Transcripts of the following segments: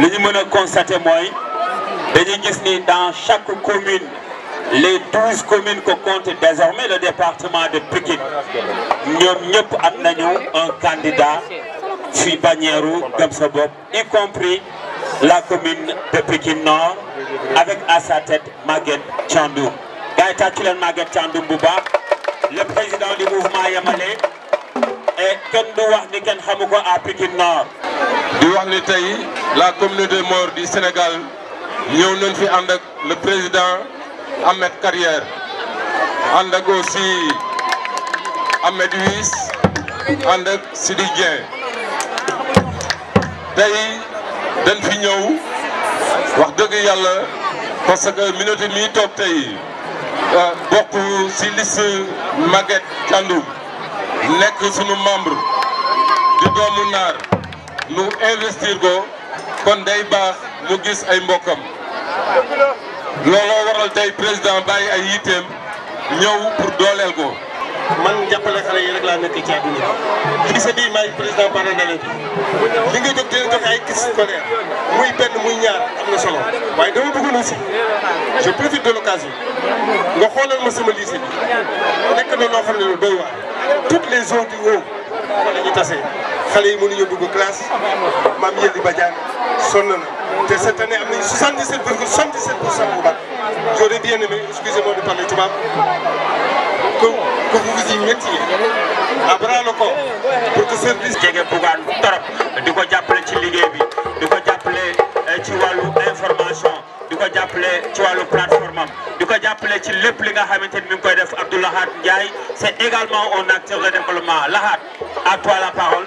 li ñu mën a constater mooy dañuy gis ni dans chaque commune les douze communes que compte désormais le département de Pikine ñoom ñëpp am nañu un candidat ci bannière Gëm sa y compris la commune de Pikine Nord avec à sa tête Maguette Thiandoum gars yi tàccu leen Maguette Thiandoum bu baax le président du mouvement Yamalé et kenn du wax ni kenn xamu ko à Pikine Nord di wax ni tey la communauté Maures du Sénégal ñëw nañ fi ànd ak le président Ahmed Carrière ànd ak aussi Ahmed Wiss ànd ak Sidi Dieng tey dañ fi ñëw wax dëgg yàlla parce que minute mii toog tey euh, bokk ci liste Maguette Thiandoum nekk sunu membre di doomu naar mu investir ko kon day baax mu gis ay mbokkam looloo waral tey président bàyyi ay yitteem ñëw pour dooleel ko. man jàppale xale yi rek laa nekk ci àdduna bi. gis bii maay président partenariat bi li nga jóg dina joxe ay kits scolaire muy benn muy ñaar am na solo waaye dama bëggoon aussi je profite de l'occasion nga xoolal ma sama lycée bi nekk na loo xam ne lu doy waar toutes les zones du haut fa tasee. xale yi mënuñu dugg classe maam Yelli Badiane sonn na te cette année am nañu 77 virgule 77 pour cent bu bac ko bien aimé excusez-moi de parler tubaab que que vous vous y mettiez à bras le corps service jege bugaan torop di ko jàppale ci liggéey bi di ko jàppale eh, ci wàllu information di ko jàppale ci wàllu plateforme am di ko jàppale ci lépp li nga xamante ni mi koy def Abdou Lahad Ndiaye c'est également un acteur de développement Lahad à toi la parole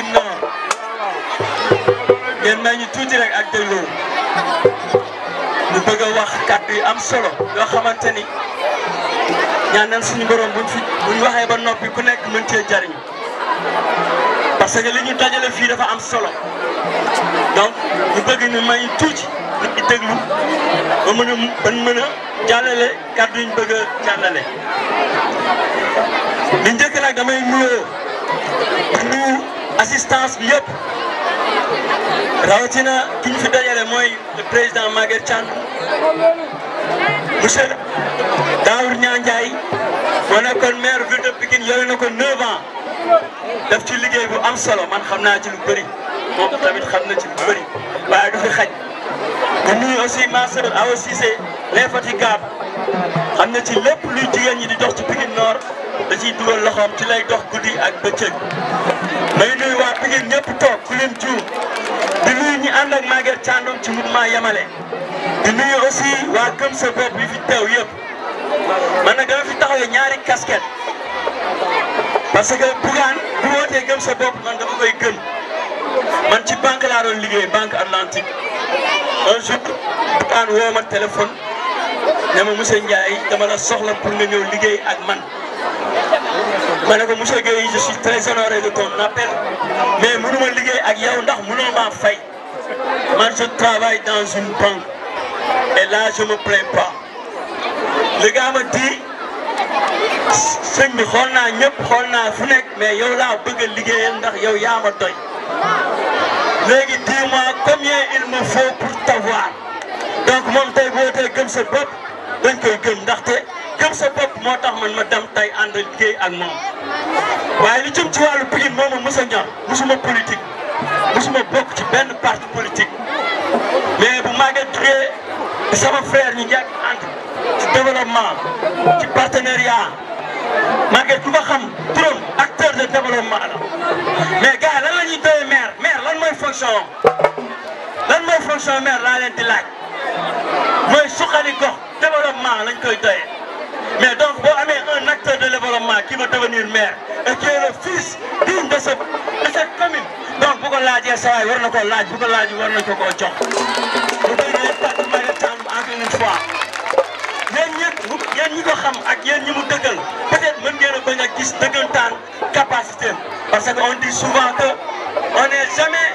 ngeen may ñu tuuti rek ak déglu ñu bëgg a wax kàddu yu am solo yoo xamante ni ñaan nañ suñu borom buñ fi buñ waxee ba noppi ku nekk mën cee jariñ parce que li ñu dajale fii dafa am solo donc ñu bëgg ñu may tuuti nit ñi déglu ba mën a ban mën a jàllale kàddu yi ñu bëgg a jàllale li njëkk nag damay nuyoo nuyu assistance bi yépp rawatina ki ñu fi dajale mooy président Maguette Thiandou monsieur Daour Ndiaye moo nekkoon maire ville de Pikine yore na ko 9 ans def ci liggéey bu am solo man xam naa ci lu bëri moom tamit xam na ci lu bëri waaye du fi xaj di nuyu aussi ma sœur Awa Cissé l'infatigable xam na ci lépp luy jigéen ñi di dox ci Pikine Nord. da ciy dugal loxoom ci lay dox guddi ak bëccëg may nuyu waa Pikine ñëpp toog ku lim di nuyu ñi ànd ak Maguette Thiandoum ci mouvement Yamale di nuyu aussi waa Gëm sa bopp bi fi teew yëpp man nag dama fi taxawee ñaari casquette parce que Bougane bu wootee Gëm sa bopp man dama koy gëm man ci banque laa doon liggéey banque Atlantique un jour woo ma téléphone ne ma monsieur Ndiaye dama la soxla pour nga ñëw liggéey ak man. ma ne ko monsieur Guèye je suis très honoré de ton appel mais mënu ma liggéey ak yow ndax mënoo maa fay man je travaille dans une banque et là je me plains pas le gars m'a dit sëñ bi xool naa ñëpp xool naa fu nekk mais yow laa bëgg a ndax yow yaa ma doy léegi dis-moi combien il me faut pour t'avoir donc moom tey boo gëm sa bopp dañ koy gëm gëm sa moo tax man ma dem tay ànd liggéey ak moom waaye li jëm ci wàllu Pikine moom a mës a musuma politique musuma bokk ci benn parti politique mais bu maagee jugee di sama frère ñu yàgg ànd ci développement ci partenariat maagee ku xam turam acteur de développement la mais lan la ñuy doyee maire lan mooy fonction lan mooy fonction maire laa leen di laaj mooy suqali gox développement lañ koy doyee Mais donc, vous avez un acteur de développement qui veut devenir maire et qui est le fils digne de, ce, de cette commune. Donc, vous avez l'âge, ça va, vous avez l'âge, vous avez l'âge, vous avez l'âge, vous avez l'âge, une fois. yéen ñëpp ñi ko xam ak yéen ñi mu dëggal peut-être mën ngeen a bañ a gis dëggantaan capacité parce que on dit souvent que on n'est jamais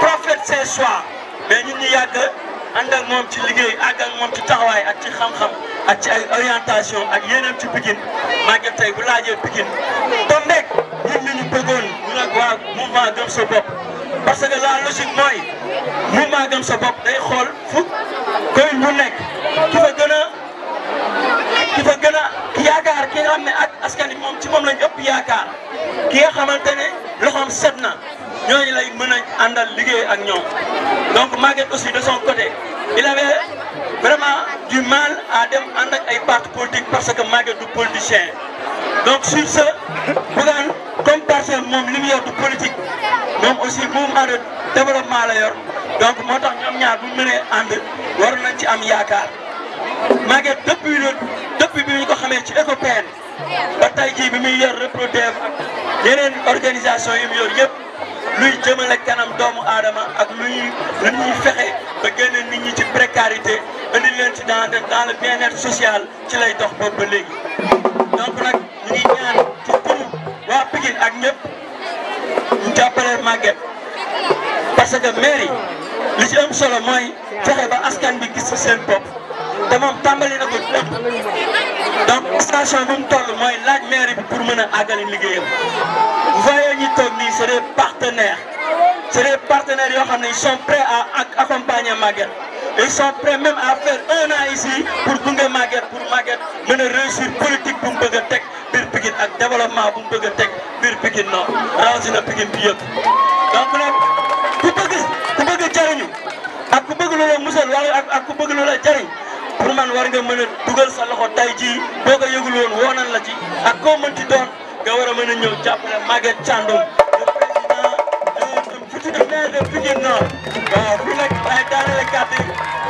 prophète ce soir mais ñun yàgg ànd ak moom ci liggéey àgg ak moom ci taxawaay ak ci xam-xam. ak ci ay orientation ak yeneen ci Pikine Maguette tey bu laajee Pikine tombeek ñun ñu ñu bëggoon ñu nag waa mouvement gëm sa bopp parce que la logique mooy mouvement gëm sa bopp day xool fu koy bu nekk ki fa gën a ki fa gën a yaakaar ki nga xam ne ak askan bi moom ci moom lañ ëpp yaakaar ki nga xamante ne loxoom set na ñooñu lay mën a àndal liggéey ak ñoom donc Maguette aussi de son côté il avait vraiment du mal à dem ànd ak ay parti politique parce que Maguette du politicien donc sur sa Bougane comme personne moom li mu yor du politique moom aussi mouvement de développement la yor donc moo tax am ñaar bu ñu mënee ànd war nañ ci am yaakaar Maguette depuis le depuis bi ñu ko xamee ci ECOPEN ba tey jii bi muy yor Reprodev ak yeneen organisation yi mu yor yëpp. luy jëmale kanam doomu aadama ak luy lu ñuy fexe ba génne nit ñi ci précarité indi leen ci dans dans le bien-être social ci lay dox boobu ba léegi. donc nag ñu ngi ñaan ci turu waa Pikine ak ñëpp ñu jàppale parce que mairie li ci am solo mooy fexe ba askan bi gis seen bopp te moom tàmbali na ko donc. situation bu mu toll mooy laaj mairie bi pour mën a àggali liggéeyam vous voyez ñi toog nii c'est des partenaires c'est des partenaires yoo xam ne ils sont prêts à accompagner Maguette ils sont prêts même à faire un an ici pour mën a réussir politique bu mu bëgg a teg biir Pikine ak développement bu mu a teg biir Pikine non rawatina Pikine bi yëpp donc nag ku bëgg ku bëgg jariñu ak ku bëgg loola musal wala ak ku bëgg loola jariñ pour man war nga mën a dugal sa loxo tay jii boo ko yëgul woon la ci ak koo mënti doon nga war a mën a ñëw jàppale Maguette Thiandoum le président de futur maire de Pikine Nord waaw fi daanale kàddu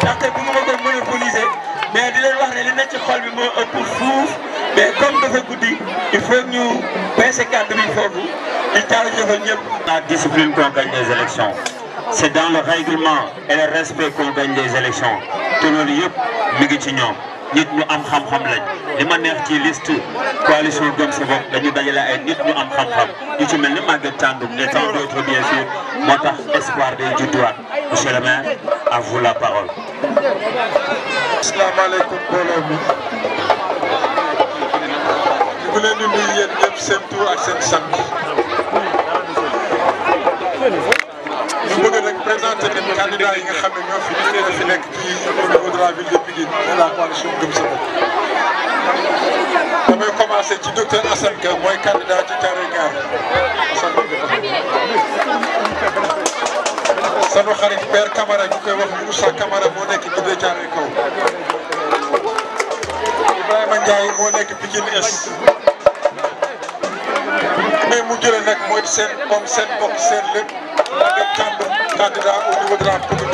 ndaxte bu ma ko monopoliser mais di leen wax ne li nekk ci xol bi moo ëpp fuuf mais comme dafa guddi il faut ñu peese kàddu bi foofu di jaajëfal ñëpp. la discipline qu'on gagne des élections c'est dans le règlement et le respect qu'on des élections te loolu mi ngi ci ñoom nit ñu am xam-xam lañ li ma neex ci list coalition Gëm sa bopp dañu dajale ay nit ñu am xam-xam ñu ci mel ni Maguette Thiandoum ne tant d'autres bien sûr moo tax espoir day judduwaat monsieur le à vous la parole. asalaamaaleykum mbooloo mi ñu ngi leen di seen tur seen sant. présenter leen candidat yi nga xam ne ñoo fi listé na fi nekk ci au niveau de la ville de Pikine et la coalition Gëm Sa Bopp. damay commencé ci docteur Assane Ka mooy candidat ci Thiaroye Gare sanu xarit Père Camara ñu koy wax Moussa Camara moo nekk Dibé Thiaroye Kaw Ibrahima Ndiaye moo nekk Pikine Est mais mu jëlee nag mooy seen comme seen bokk seen lépp dem candidat au niveau de la commune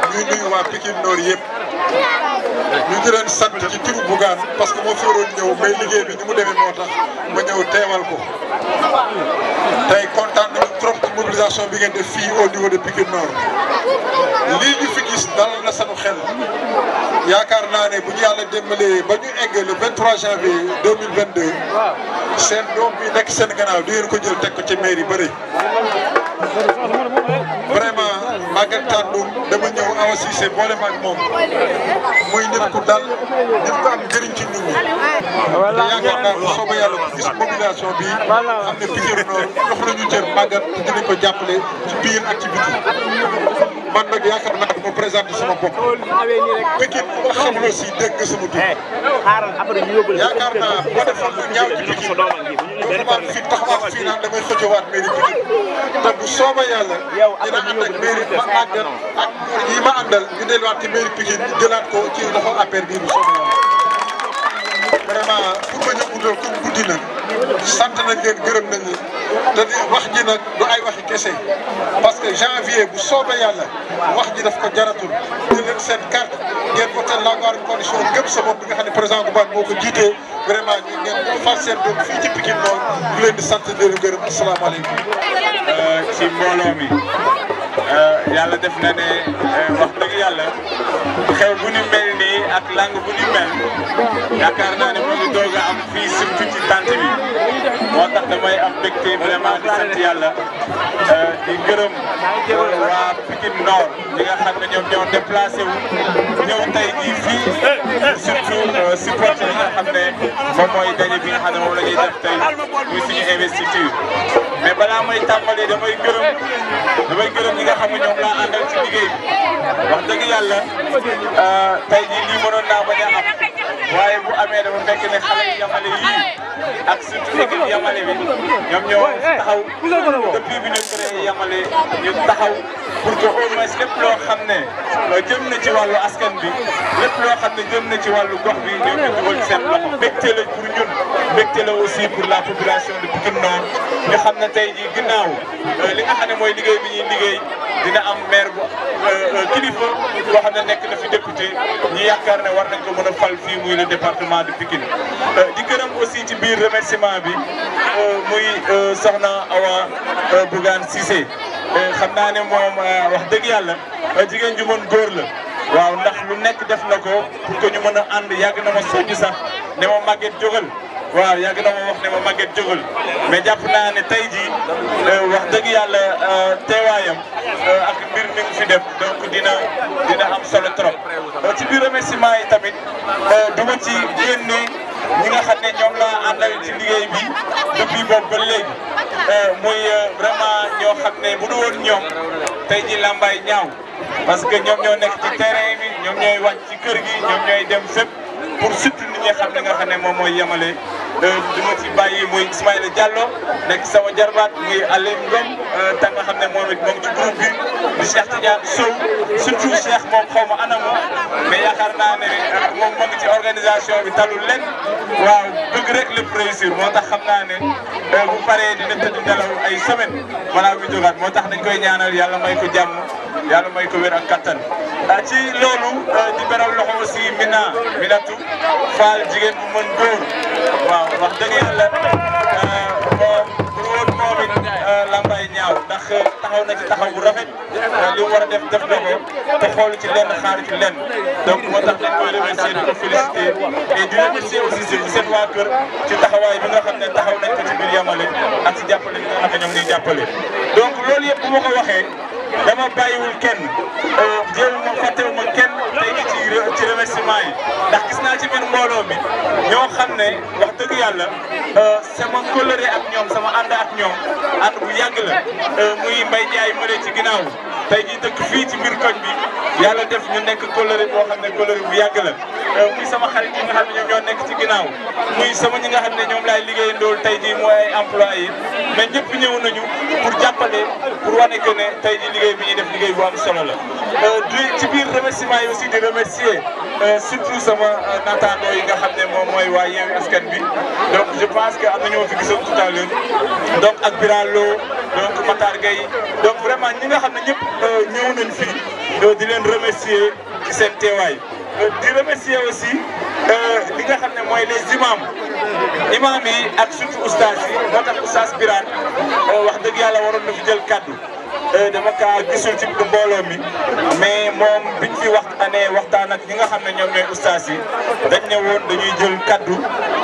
ñuy nuyu waa Pikine Nord yëpp ñu ngi leen ci turu Bougane parce que moo fi waroon ñëw liggéey bi ni mu demee moo tax ma ñëw teewal ko. sensibilisation bi ngeen def fii au niveau de lii ñu fi gis dal na sanu xel yaakaar naa ne bu ñu yàlla démbalee ba ñu egg le 23 janvier 2022 seen doom bi nekk seen gannaaw di ngeen ko jël teg ko ci mairie bëri. vraiment Maguette Thiandoum dama ñëw Awa Cissé boolema ak moom muy nit ku dal nit ku am ci voilà yaakaar naa bu soobee yàlla gis population bi. voilà am na Pikine Nord jox nañu cër màggat te dinañ ko jàppale ci ak ci biti. man nag yaakaar naa dama présenté sama bopp. Pikine ku ma xamul aussi dégg nga sama tur. Eh, yaakaar naa boo defoon lu ñaaw ci Pikine dootumaat fi taxawaat fii naan damay xëccewaat mairie Pikine te bu soobee yàlla dina ànd ak mairie ma màggat ak yi ma àndal ñu delluwaat ci mairie Pikine jëlaat ko ci loxo affaire bii bu soobee vraiment pour ma ñëw guddal comme guddi na sant nañ leen gërëm nañ leen te wax ji nag du ay waxi kese parce que janvier bu soobee yàlla wax ji daf ko jaratul. ñu leen seen carte ngeen voté langoor condition gëm sa bopp bi nga xam ne président Boubane moo ko jiitee vraiment ñu ngeen fal seen doom fii ci Pikine noonu ñu leen di sant di leen gërëm asalaamaaleykum. Euh, ci mbooloo mi euh, yàlla def na ne euh, wax dëgg yàlla xew bu ni ak langue bu ni mel yaakaar naa ne bu ñu doog a am fii surtout ci tante bi moo tax damay am mbégte vraiment di sant yàlla euh, di gërëm waa Pikine Nord ñi nga xam ne ñoom ñoo déplacé wu ñëw tey jii fii surtout euh, supporté yi nga xam ne moom mooy daje bi nga xam ne moom la ñuy def tey muy suñu investiture mais balaa may tàmbalee damay gërëm damay gërëm ñi nga xam ne ñoom laa àndal ci liggéey bi wax dëgg yàlla euh, tey jii lii mënoon naa bañ a am waaye bu amee dafa fekk ne xale yi yamale yii ak surtout équipe yamale bi ñoom ñoo taxaw depuis bi ñu créé yamale ñu taxaw pour que au moins lépp loo xam ne jëm na ci wàllu askan bi lépp loo xam ne jëm na ci wàllu gox bi ñoom ñu dugal seen loxo mbégte la pour ñun mbégte la aussi pour la population bi Pikine Nord xam ne tey jii ginnaaw euh, li nga xam ne mooy liggéey bi ñuy liggéey dina am maire bu euh, euh, kilifa boo xam ne nekk na fi député ñu yaakaar ne war nañ ko mën a fal fii muy le département de Pikine euh, di gërëm aussi ci biir remerciement bi muy soxna Awa Bougane Cissé xam naa ne moom wax dëgg yàlla a jigéen ju mën góor la waaw ndax lu nekk def na ko pour que ñu mën a ànd yàgg na ma soññ sax ne ma màgget jógal waaw yàgg na ma wax ne ma Maguette jógul mais jàpp naa ne tey jii euh, wax dëgg yàlla euh, teewaayam euh, ak mbir mi ngi fi def donc dina am solo trop. ci biir remerciement yi tamit du ma ci nga xam ne ñoom laa liggéey bi depuis boobu ba léegi muy vraiment ñoo xam ne bu du ñoom tey jii làmbaay ñaaw parce que ñoom ñoo nekk ci terrain bi ñoom ñooy wàcc ci kër gi ñoom ñooy dem fépp pour surtout nit ñi xam ne nga xam ne moom mooy yemale. de euh, li ma ci bàyyi muy Ismaïla Diallo nekk sama jarbaat muy Aliou Ngom euh, te nga xam ne moom it moom ci groupe bi di Cheikh Tidiane Sow surtout Cheikh moom xaw ma anamoo mais yaakaar naa ne euh, moom moo ngi ci organisation bi talul leen waaw bëgg rek lépp réussir moo tax xam naa ne bu paree dina tëdd nelaw ay semaine balaa muy jógaat moo tax dañ koy ñaanal yàlla may ko jàmm. yàlla may ko wér ak kattan ah, ci loolu ah, di beral loxo aussi Mina Minatu Fall jigéen bu mën góor waaw wax dëgg yàlla ah, woon moom it lambay ñaaw ndax taxaw na ci taxaw bu rafet li mu war a def def na ko te xoolu ci lenn xaar ci lenn donc moo tax dañ koy remercier di ko féliciter et di remercier aussi surtout waa kër ci taxawaay bi nga xam ne taxaw nañ ko ci biir yamale ak ci jàppale donc loolu yëpp bu ma dama bàyyiwul kenn euh, jéem ma fàttewu ma kenn tey ci ci remerciement yi ndax gis naa ci biir mbooloo mi ñoo xam ne wax dëgg yàlla euh, sama kóllëre ak ñoom sama ànd ak ñoom ànd bu yàgg la euh, muy Mbaye Ndiaye mëne ci ginnaaw tey jii dëkk fii ci biir koñ bi yàlla def ñu nekk kóllëre boo xam ne kóllëre bu yàgg la Euh, muy sama xarit yi nga xam ne ñoom ñoo nekk ci ginnaaw muy sama ñi nga xam ne ñoom laay liggéeyandoo tey jii mooy ay employés mais ñëpp ñëw nañu pour jàppale pour wane que tey liggéey bi ñuy def liggéey bu am solo la. Euh, di ci biir remerciement yi aussi di remercier euh, surtout sama ne moom mooy waa Yewwi bi donc je pense que am na ñoo fi gisoon tout à l'heure donc ak Birane Lo donc Matar vraiment ñi nga xam ne ñëpp ñëw nañ fii di leen remercier ci seen teewaay. Euh, di remercier si euh, li nga xam ne mooy les imams imam yi ak surtout oustaz yi moo tax oustaz Birane euh, wax dëgg yàlla waroon na fi jël kaddu dama kaa gisul ci mbooloo mi mais moom wax a waxtaanee waxtaan ak ñi nga xam ne ñoom ñooy oustaz yi dañ ne woon dañuy jël kaddu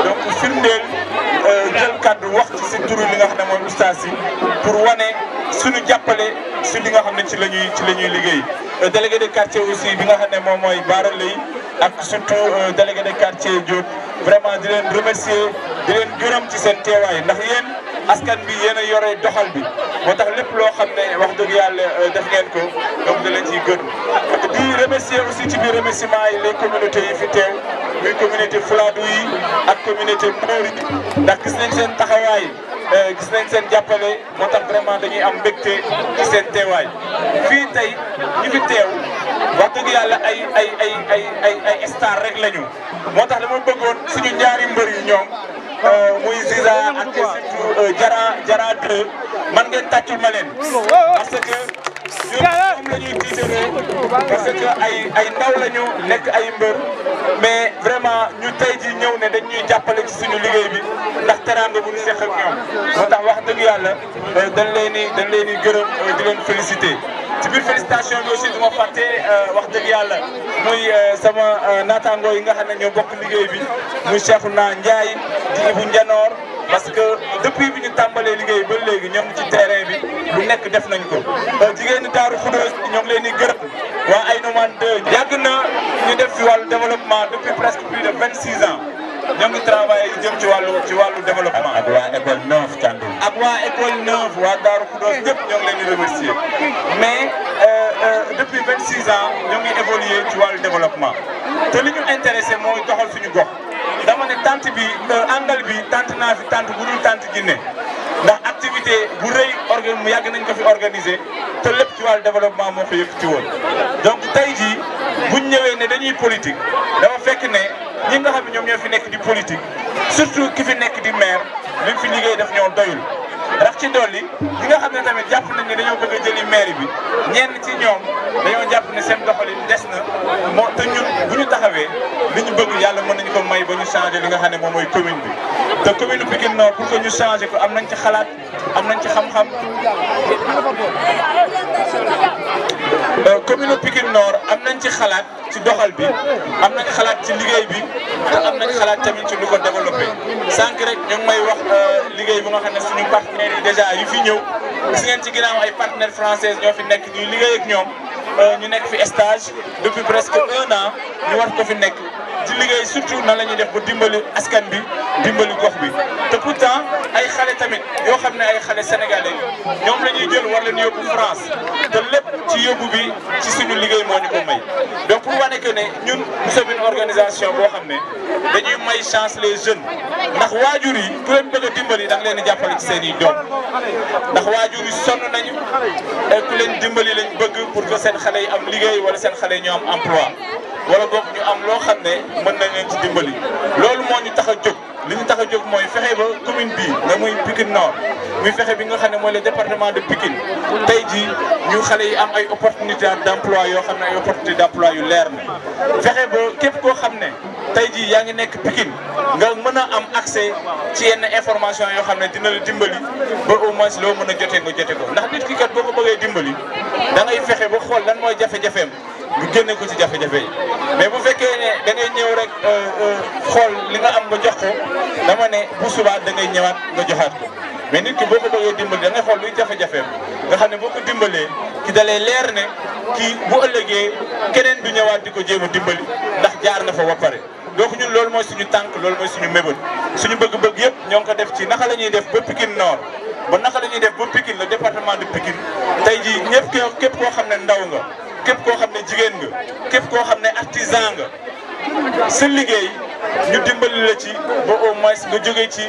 donc firndeel jël kaddu wax ci si turu li nga xam ne mooy oustaz yi pour wane. suñu jàppale si li nga xam ne ci la ñuy ci la ñuy liggéey euh, délégué de quartier aussi bi nga xam ne moom mooy Baara Lay ak surtout euh, délégué de quartier Diop vraiment di leen remercier di leen gërëm ci seen teewaay ndax yéen askan bi yéen a yore doxal bi moo tax lépp loo xam ne wax dëgg yàlla euh, def ngeen ko donc da leen ciy gën di remercier aussi ci biir remerciement yi les communauté yi fi teew muy communauté Fulaadu yi ak communauté Moori ndax gis nañ seen taxawaay Euh, gis nañ seen jàppale moo tax vraiment dañuy am mbégte ci seen teewaay fii tey ñu fi teew wax dëgg yàlla ay ay ay ay ay ay star rek lañu moo tax moo bëggoon suñu ñaari mbër yu ñoom euh, muy Ziza ak surtout euh, Jara Jara man ngeen tàccul ma leen parce que la ñuy parce que ay ay ndaw la ñu nekk ay mbër mais vraiment ñu tey ji ñëw ne dañ ñuy jàppale ci suñu liggéey bi ndax teraanga bu ñu seq ak ñoom wax dëgg yàlla euh, dañ leen di dañ leen di gërëm euh, di leen féliciter. ci biir félicitation bi aussi du ma fàtte euh, wax dëgg yàlla muy sama naataangoo yi nga xam ne ñoo bokk liggéey bi muy Cheikhouna Ndiaye di Ibou Ndianor parce que depuis bi ñu tàmbalee liggéey ba léegi ñoom ci terrain bi lu nekk def nañ ko euh, jigéenu Daaru Xudoos ñoo ngi leen di gërëm waa Aïnoumane 2 yàgg na ñu def ci wàllu développement depuis presque plus de 26 ans ñoo ngi travaillé jëm ci wàllu ci wàllu développement. ak waa école neuf Thiandoum. ak waa école neuf Daaru Xudoos ñëpp ñoo ngi leen mais euh, euh, depuis 26 ans ñoo ngi évolué ci wàllu développement te li ñu intéressé mooy doxal suñu gox. dama ne tante bi àndal euh, bi tante naa fi tante bu dul tante Guinée ndax activité bu rëy organ mu yàgg nañ ko fi organiser te lépp ci wàllu développement moo ko ci woon. donc tey jii buñ ñëwee ne dañuy politique dafa fekk ne ñi nga xam ne ñoom ñoo fi nekk di politique surtout ki fi nekk di maire li mu fi liggéey daf ñoo doyul. rax ci dolli ñi nga xam ne tamit jàpp nañ ne dañoo bëgg a jëli mairie bi ñeen ci ñoom dañoo jàpp ne seen doxalin des na moo te ñun bu ñu taxawee li ñu bëgg yàlla mën nañu ko may ba ñu changé li nga xam ne moom mooy commune bi te commune Pikine Nord pour que ñu changé ko am nañ ci xalaat am nañ ci xam-xam Euh, commune Pikine Nord am nañ ci xalaat ci doxal bi am nañ xalaat ci liggéey bi te am nañ xalaat tamit ci lu ko développé sànq rek ñu ngi may wax euh, liggéey bu nga xam ne suñu partenaires yi déjà yu fi ñëw gis ngeen ci ginnaaw ay partenaires françaises ñoo fi nekk ñuy liggéey ak ñoom euh, ñu nekk fi stage depuis presque un an ñu war ko fi nekk di liggéey surtout na la ñuy def ba dimbali askan bi dimbali gox bi te pourtant ay xale tamit yoo xam ne ay xale sénégalais ñoom la ñuy jël war leen yóbbu France te lépp ci yóbbu bi ci suñu liggéey moo ñu ko may. donc pour wane que ne ñun nous sommes une organisation boo xam ne dañuy may chance les jeunes ndax waajur yi ku leen bëgg a dimbali da leen di jàppale ci seen i doom ndax waajur yi sonn nañu ku leen dimbali lañ bëgg pour seen xale yi am liggéey wala seen xale yi ñu wala boog ñu am loo xam ne mën nañ leen ci dimbali loolu moo ñu tax a jóg li ñu tax a jóg mooy fexe ba commune bi nga muy Pikine Nord muy fexe bi nga xam ne mooy le département de Pikine tey jii ñu xale yi am ay opportunité d' emploi yoo xam ne ay opportunité d' yu leer na fexe ba képp koo xam ne tey jii yaa ngi nekk Pikine nga mën a am accès ci yenn information yoo xam ne dina la dimbali ba au moins loo mën a jotee nga jote ko ndax nit ki kat boo ko bëggee dimbali da ngay fexe xool lan mooy jafe ñu génne ko ci jafe mais bu fekkee ne da ñëw rek euh, euh, xool li nga am nga jox ko dama ne bu subaa da ngay ñëwaat nga joxaat ko mais nit ki boo ko bëggee dimbali da ngay xool luy jafe-jafeem nga xam ne boo ko dimbalee ki dalee leer ne kii bu ëllëgee keneen du ñëwaat di ko jéem a dimbali ndax jaar na fa ba pare. donc ñun loolu mooy suñu tànk loolu mooy suñu mébét suñu bëgg-bëgg yëpp ñoo ngi ko def ci naka la def ba Pikine Nord ba naka la ñuy def ba département de Pikine tey jii ñëpp képp koo xam ne ndaw nga. képp koo xam ne jigéen nga képp koo xam ne artisan nga sa liggéey ñu dimbali la ci ba au moins nga jógee ci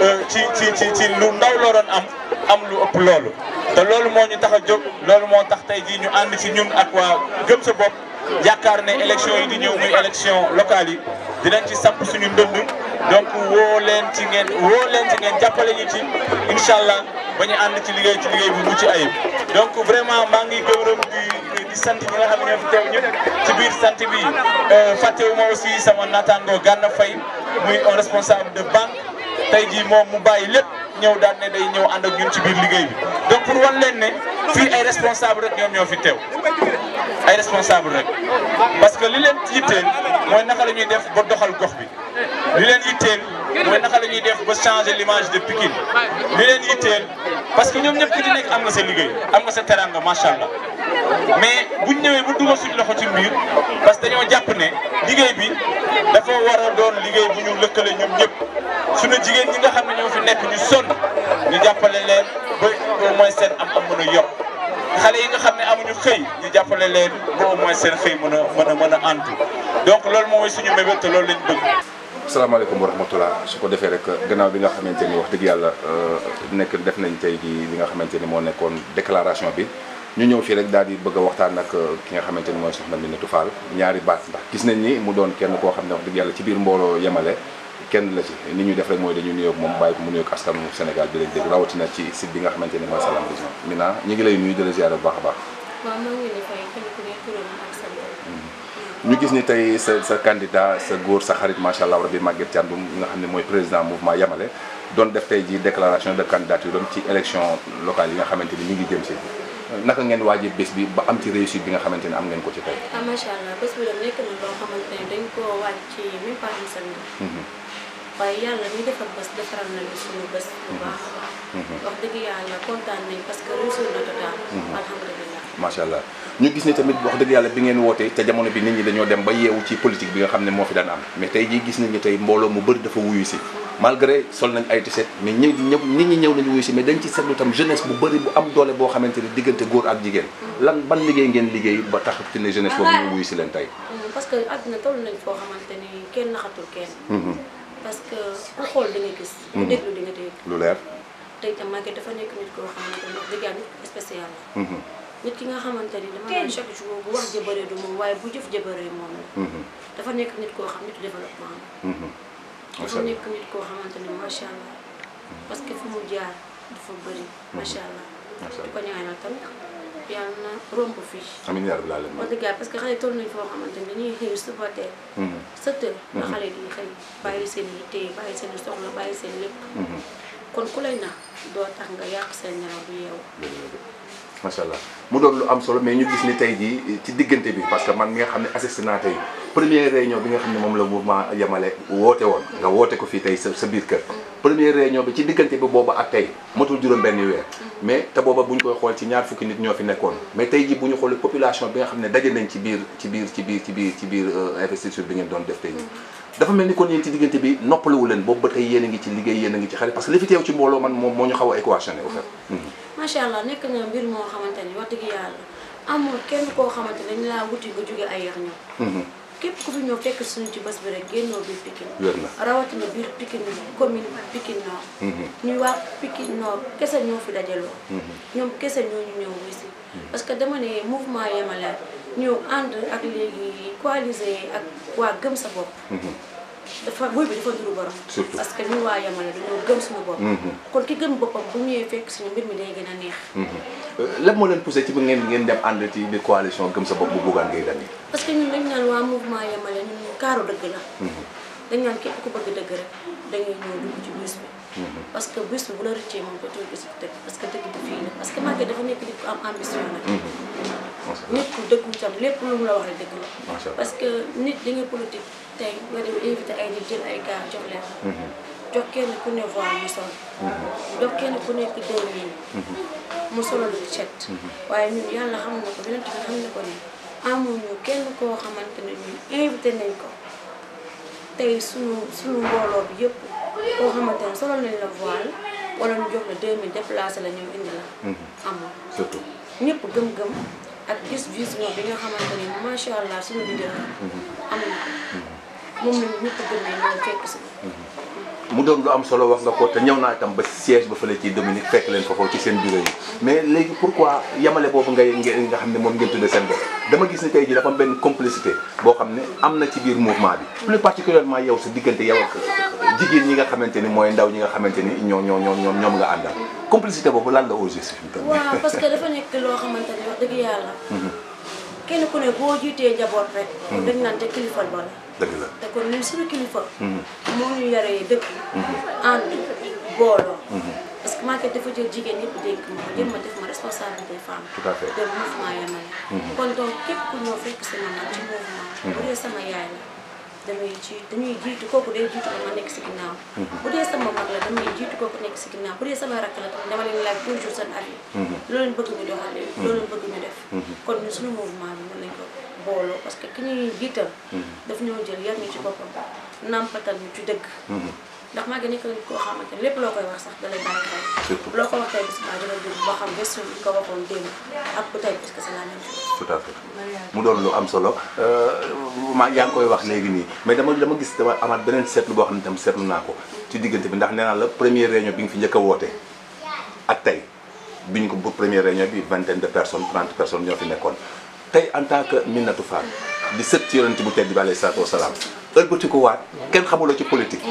euh, ci ci ci ci lu ndaw loo doon am am lu ëpp loolu te loolu moo ñu tax a jóg loolu moo tax tey jii ñu ànd ci ñun ak waa gëm sa bopp yaakaar ne élection yi di ñëw muy élection locale yi dinañ ci samp suñu ndënd donc woo leen ci ngeen woo leen ci ngeen jàppale ñu ci incha allah ba ñu ànd ci liggéey ci liggéey bu mucc donc vraiment maa ngi gërëm di sant ñi nga xam ne ñoo fi teew ñëpp ci biir sant bi euh, fàttewuma aussi sama naataango Gana Faye muy en responsable de banque tey jii moom mu bàyyi lépp ñëw daal ne day ñëw ànd ak ñun ci biir liggéey bi donc pour wan leen ne fii ay responsable rek ñoom ñoo fi teew ay responsable rek parce que li leen yitteel mooy naka la ñuy def ba doxal gox bi li leen yitteel mooy naka la ñuy def ba changer l'image de Pikine li leen yitteel parce que ñoom ñëpp ku ci am nga sa liggéey am nga sa teranga macha allah mais ñu ñëwee bu dugal suñu loxo ci mbir parce que dañoo jàpp ne liggéey bi dafa war a liggéey bu ñu lëkkale ñoom ñëpp suñu jigéen ñi nga xam ne ñoo fi nekk ñu sonn ñu jàppale leen ba au moins seen am am mën a yokk xale yi nga xam ne amuñu xëy ñu jàppale leen ba au moins seen xëy mën a mën a mën a antu donc loolu mooy suñu mébét te loolu lañ bëgg asalaamaaleykum wa rahmatullah su ko defee rek gannaaw bi nga xamante ni wax dëgg yàlla euh, nekk def nañ tey di li nga xamante ni moo nekkoon déclaration bi ñu ñëw fii rek daal di bëgg a waxtaan ak euh, ki nga xamante ni mooy soxna Minatu Fall ñaari baat ndax gis nañ ni mu doon kenn koo xam ne wax dëgg yàlla ci biir mbooloo yemale kenn la ci ni ñu def rek mooy dañu nuyoog moom bàyyi ko mu nuyoog mu Sénégal bi lañ dégg rawatina ci site bi nga xamante ni mooy Salam Vision Mina ñu ngi lay nuyu di la bu baax a baax ñu gis ni tey sa sa candidat sa góor sa xarit macha allah rabi Maguette Thiandoum nga xam ne mooy président mouvement Yamale doon def tey ji déclaration de candidature am ci élection locale yi nga xamante ni ñu ngi jëm si naka ngeen waajee bis bi ba am ci réussite bi nga xamante ne am ngeen ko ci tey. ah macha allah bés bi nag nekk na loo xamante ne dañ koo waaj ci même pas une semaine. Mhm. waaye yàlla mi mhm. a baax. Mhm. nañ parce que réussir na total. alhamdulilah macha ñu gis ni tamit wax dëgg yàlla bi ngeen wootee te jamono bi nit ñi dañoo dem ba yeewu ci politique bi nga xam ne moo fi daan am mais tey jii gis nañ ni tey mbooloo mu bëri dafa wuyu si malgré sol nañ ay tiset mais ñi ñëw nit ñi ñëw nañu mais dañ ci seetlu tam jeunesse bu bëri bu am doole boo xamante ne diggante góor ak jigéen lan ban liggéey ngeen liggéey ba tax ci ne jeunesse boobu ñu wuyu si leen tey mm, parce que àddina toll nañ foo xamante ni kenn naxatul kenn mm-hmm. parce que ku xool di nga gis ku mm-hmm. déglu di nga lu leer tey tam Maguette dafa nekk nit koo xamante nit spécial nit ki nga xamante ni dama naan chaque jour bu wax jëbëree du moom waaye bu jëf jëbëree moom mm-hmm. dafa nekk nit koo xam nit développement la. Mm-hmm. dafa nekk nit koo xamante ni macha parce que fu mu jaar dafa bëri macha allah. Mm-hmm. di ko ñaanal tamit yàlla na romb fii. amiin yaa rabbal aalamiin wax dëgg yàlla parce que xale yi toll nañu foo xamante ni dañuy xëy suba teel. sëtt nga xale di xëy bàyyi seen i téye bàyyi seen i soxla bàyyi seen lépp. kon ku lay nax doo tax nga yàq seen nelaw du yeewu. macha allah mu doon lu am solo mais ñu gis ni tey jii ci diggante bi parce que man mi nga xam ne assisté naa tey première réunion bi nga xam ne moom la mouvement Yamale woote woon nga woote ko fii tey sa sa biir kër première réunion bi ci diggante bi booba ak tey matul juróom benn weer mais te booba bu ñu koy xool ci ñaar fukki nit ñoo fi nekkoon mais tey ji bu ñu xoolee population bi nga xam ne daje nañ ci biir ci biir ci biir ci biir ci biir euh, investiture bi ngeen doon ni kon yéen ci diggante bi noppaluwu leen boobu a ngi macha allah nekk na mbir moo xamante ni wax dëgg yàlla amul kenn koo xamante ne dañu laa wuti nga jóge ay yax ñoom. Mhm. képp ku fi ñëw fekk suñu ci bés bi rek génnoo biir Pikine. wér na rawatina biir Pikine commune Pikine Nord. Mhm. ñuy waa Pikine Nord kese ñoo fi dajaloo. Mhm. ñoom kese ñoo ñu ñëw wisi. parce que dama ne mouvement Yemalal ñëw ànd ak léegi coalisé ak waa gëm sa bopp. dafa buy bi dafa duru borom parce que ñun waa yamale dañoo gëm suñu bopp mhm. kon ki gëm boppam bu ñëwee fekk suñu mbir mi day gën a neex mhm. euh, lan moo leen poussé ci ba ngeen ngeen dem ànd ci biir coalition gëm sa bopp bu buggaan ngay dani parce que ñun dañ naan waa mouvement yamale ñun kaaru dëgg la mhm. dañ naan képp ku bëgg dëgg rek da ñëw dugg ci bis bi parce que bés bi bu la rëccee moom ba toujours bés bu dëkk parce que dëkk bi fii la parce que Maguette dafa nekk nit ku am ambition nag. Mhm. nit ku dëkku tam lépp lu mu la wax rek dëgg la. parce que nit da nga politique tey nga dem invité ay nit jël ay gars jox leen. Mhm. jox kenn ku ne voix mu sol. Mhm. kenn ku nekk mu solal lu cet. waaye ñun yàlla xam na ko beneen tamit xam na ko ni amuñu kenn koo xamante ne ñun invité nañ ko tey suñu suñu mbooloo bi yëpp. koo xamante ne solal nañ la voile wala ñu jox la 2000 déplacé la ñoom indi la. Mm-hmm. amul surtout ñëpp gëm-gëm ak gis vision bi nga xamante ni macha allah suñu leader. Mm-hmm. am na mm-hmm. moom la ñëpp gëm ne ñoo fekk si. mu doon lu am solo wax nga ko te ñëw naa itam ba siège ba fële ci Dominique fekk leen foofu ci seen bureau yi mais léegi pourquoi yamale boobu ngay nga xam ne moom ngeen tuddee seen bopp dama gis ne tey ji boo xam ne am na ci biir mouvement bi plus particulièrement yow sa diggante yow jigéen ñi nga xamante ni mooy ndaw ñi nga xamante ni ñoo ñoo ñoo ñoom ñoom nga àndal complicité boobu lan la au juste waaw parce que dafa nekk loo xamante wax dëgg yàlla mhm. kenn ku ne boo jiitee njaboot rek mhm. dañ naan te kilifa la moo ñu yaree dëkk mhm. ànd booloo mhm. parce que Maguette dafa jël jigéen ñëpp dénk ma ko mhm. jël ma def ma responsabilité femme tout à fait de mouvement Yamale kon donc képp ku ñoo fekk si man ci mouvement bu dee sama yaay la damay ji dañuy jiitu kooku day jiitu ma nekk si ginnaaw bu dee sama mag la damay jiitu kooku nekk si ginnaaw bu dee sama rakk la tamit dama leen laaj toujours seen avis loolu leen bëgg ñu doxale loolu leen bëgg ñu def kon ñun suñu mouvement bi mën nañ ko booloo parce que ki ñuy jiital daf ñoo jël yar ñu ci boppam nampatal ñu ci dëgg. Mhm. ndax maa ngi nekk nit koo xamante loo koy wax sax da lay bàyyi xam gëstu bi ko waxoon démb ak bu tey parce que c'est la mu doon lu am solo euh, ma yaa koy wax léegi nii mais dama dama gis dama amaat beneen seetlu boo xam ne tam seetlu naa ko ci diggante bi ndax nee naa la première réunion bi nga fi njëkk woote ak tey bi ñu ko bu première réunion bi vingtaine de personnes trente personnes ñoo fi nekkoon tey en tant que Minatou Fall di set ci yonent bu tedd bi alayhi salaatu wa salaam waat kenn xamuloo ci politique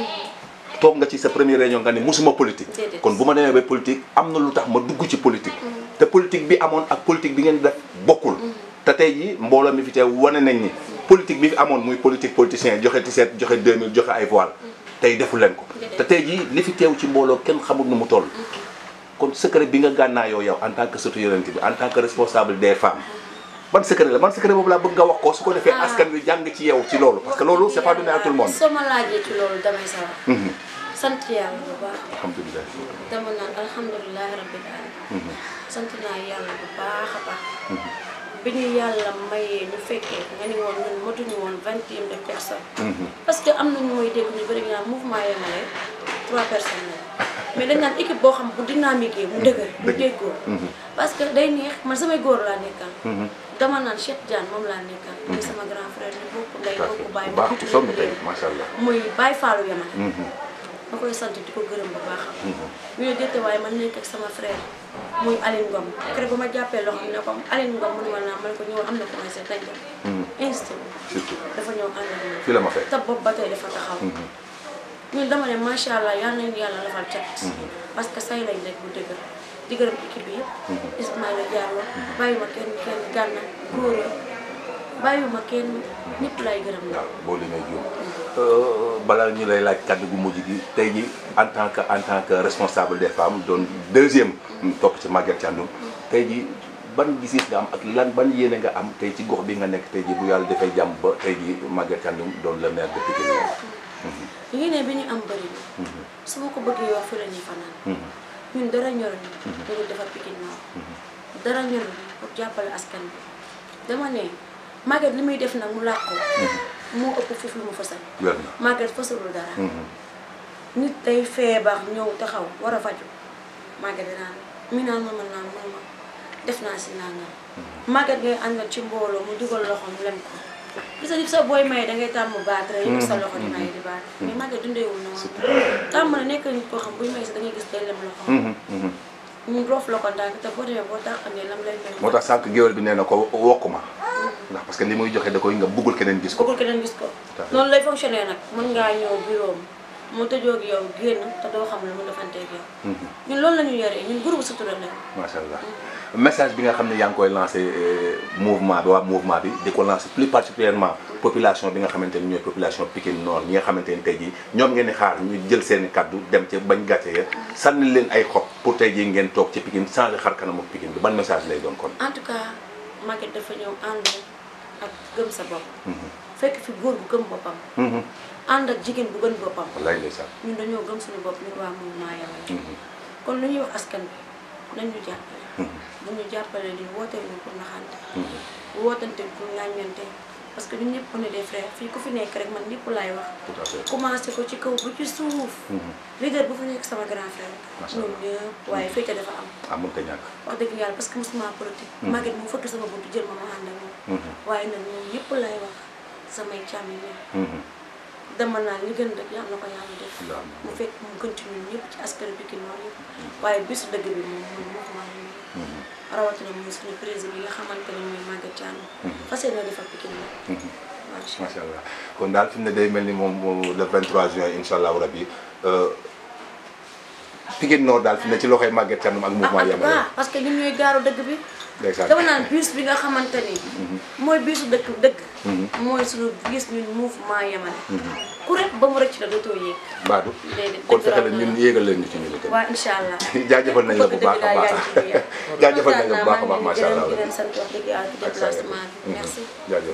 toog nga ci sa première réunion nga ne musuma politique kon bu ma demee ba politique am na lu tax ma dugg ci politique mm-hmm. te politique bi amoon ak politique bi ngeen def bokkul mm-hmm. te tey jii mbooloo mi fi teew wane nañ ni politique bi amoon muy politique politicien joxe tiset joxe 2000 joxe ay voile mm-hmm. tey defu leen ko te tey ji li fi teew ci mbooloo kenn xamul nu mu toll kon secret bi nga gànnaayoo yow en tant que surtout yonent bi en tant que ban secret la man secret boobu laa bëgg nga wax ko su ko defee ah. askan wi jàng ci yow ci loolu parce que loolu c'est pas donné à tout le monde soo ma laajee ci loolu damay sawar mhm. sant yàlla bu baax alhamdulilah dama naan alhamdulilah rabbil mhm. sant naa yàlla bu baax a baax mhm. bi ñu yàlla mayee ñu fekkee nga ni woon ñun matuñu woon vingtième de personne parce que am nañu mooy dégg ñu bëri ñu mouvement yemale trois personnes la mais dañ naan équipe boo xam bu dynamique yi mu dëgër mu mhm. que day neex man samay góor laa nekkal mhm. dama naan Cheikh Diane moom laa nekkal mhm. muy sama grand frère ni bokk nday bokk bàyyi baax ku sonn tey macha ma koy sant di ko gërëm bu baax ñu ne waaye man nekk ak sama frère muy Aline Ngom kër ba ma jàppee loo xam ne comme Aline Ngom mu ne ma naa man ko ñëw am na commencé dañ dem instant dafa ñëw ànd ak fii la ma fekk te boobu ba tey dafa taxaw ñun macha allah yal nañu yàlla defal cat. Mm-hmm. parce que say lañ rek bu dëgër di gërëm équipe bi yëpp. Mm-hmm. Ismaïla Diallo mm-hmm. bàyyi ma kenn kenn gànna góor bàyyi ma kenn ñëpp lay gërëm la. waaw boo euh, balaa ñu lay laaj kàddu gu mujj gi tey ji en tant que en tant que responsable des femmes doon deuxième. topp ci Maguette Thiandoum. tey jii ban gis-gis nga am ak lan ban yéene nga am tey ci gox bi nga nekk tey jii bu yàlla defee jàmm ba tey jii Maguette Thiandoum doon la maire de Pikine yéene bi ñu am bëri su ma mhm. ko bëggee wax fi la ñuy fanaan mhm. ñun dara ñoroon ñu mhm. ñu defar Pikine Nord dara ñoroon pour jàppale askan bi dama ne Maguette li muy def nag mu laaj ko moo ëpp foofu lu mu fasal Maguette fasalul dara nit day feebar ñëw taxaw war a faju Maguette dinaa mi naan ma mën naa mën def naa si naan Maguette ngay na ci mbooloo mu dugal loxoom lem ko gis nga sa booy maye da ngay tàmm baatre yi sa mm-hmm. loxo di maye di baat mm-hmm. mais Maguette dundeewul na sax da loxo mm-hmm. ñu roof la ko ndànk te boo demee moo tax sànq géwél bi nee na ko wokku ma ndax parce que li muy joxe da koy nga bëggul keneen gis ko bëggul keneen gis ko noonu lay fonctionné nag mën ngaa ñëw bureau mu tëjoog yow génn te doo xam ne mu defanteeg yow. Mhm. ñun loolu la ñu yoree ñun groupe sutura lañu. macha allah message bi nga xam ne yaa ngi koy lancé euh, mouvement bi waa mouvement bi di ko lancé plus particulièrement population bi nga xamante ni ñooy population Pikine Nord ñi nga xamante ni tey jii ñoom ngeen di xaar ñu jël seen kaddu dem ca bañ gàcce ya sànni leen ay xob pour tey jii ngeen toog ci Pikine changé xar kanamu Pikine bi ban message lay doon kon. en tout cas Maguette dafa ñëw ànd ak gëm sa bopp. Mhm. fekk fi góor bu gëm ànd ak jigéen bu gën boppam. wallaay ndeysaan. ñun dañoo gëm suñu bopp ñun waa mouvement Yamale. Mm-hmm. kon lu ñuy wax askan bi nañ ñu jàppale. mu mm-hmm. ñu jàppale di woote ñu pour naxante. Mm-hmm. wootante pour parce que ñun ñëpp on est fii ku fi nekk rek man ñëpp laay wax. tout commencé ko ci kaw ba ci suuf. leader bu fi nekk sama grand frère. macha allah waaye féete dafa am. ah mënut a ñàkk. wax dëgg yàlla parce que mosuma politique. Maguette mu fëgg sama buntu jël ma ma ànd moom. waaye nag ñoom ñëpp laay wax samay càmm yi. dama naan li gën rek yàlla na ko yàlla def mu fekk mu gën ci ci aspect bi ki noonu yëpp mm-hmm. waaye dëgg bi moom moom moo a rawatina muy ne mooy Maguette Thiam mm-hmm. mm-hmm. la allah kon daal fi ne day mel ni moom le 23 juin incha allah rabi euh, Pikine Nord daal fi ne ci loxo Maguette Thiandoum ak mouvement ah, ah, Yamalé ah, parce que ñun ñooy gaaru bi dama naan bi nga xamante ni mhm. mooy bisu dëkk dëkk mhm. mooy suñu gis ñun mouvement Yamalé mhm. ku rek ba mu rëcc la dootoo yéeg baadu kon fexe la ñun yéegal leen ñu ci ñu dëkk waaw incha allah jaajëfal nañ la bu baax a baax jaajëfal nañ la bu baax a baax macha allah di leen sant wax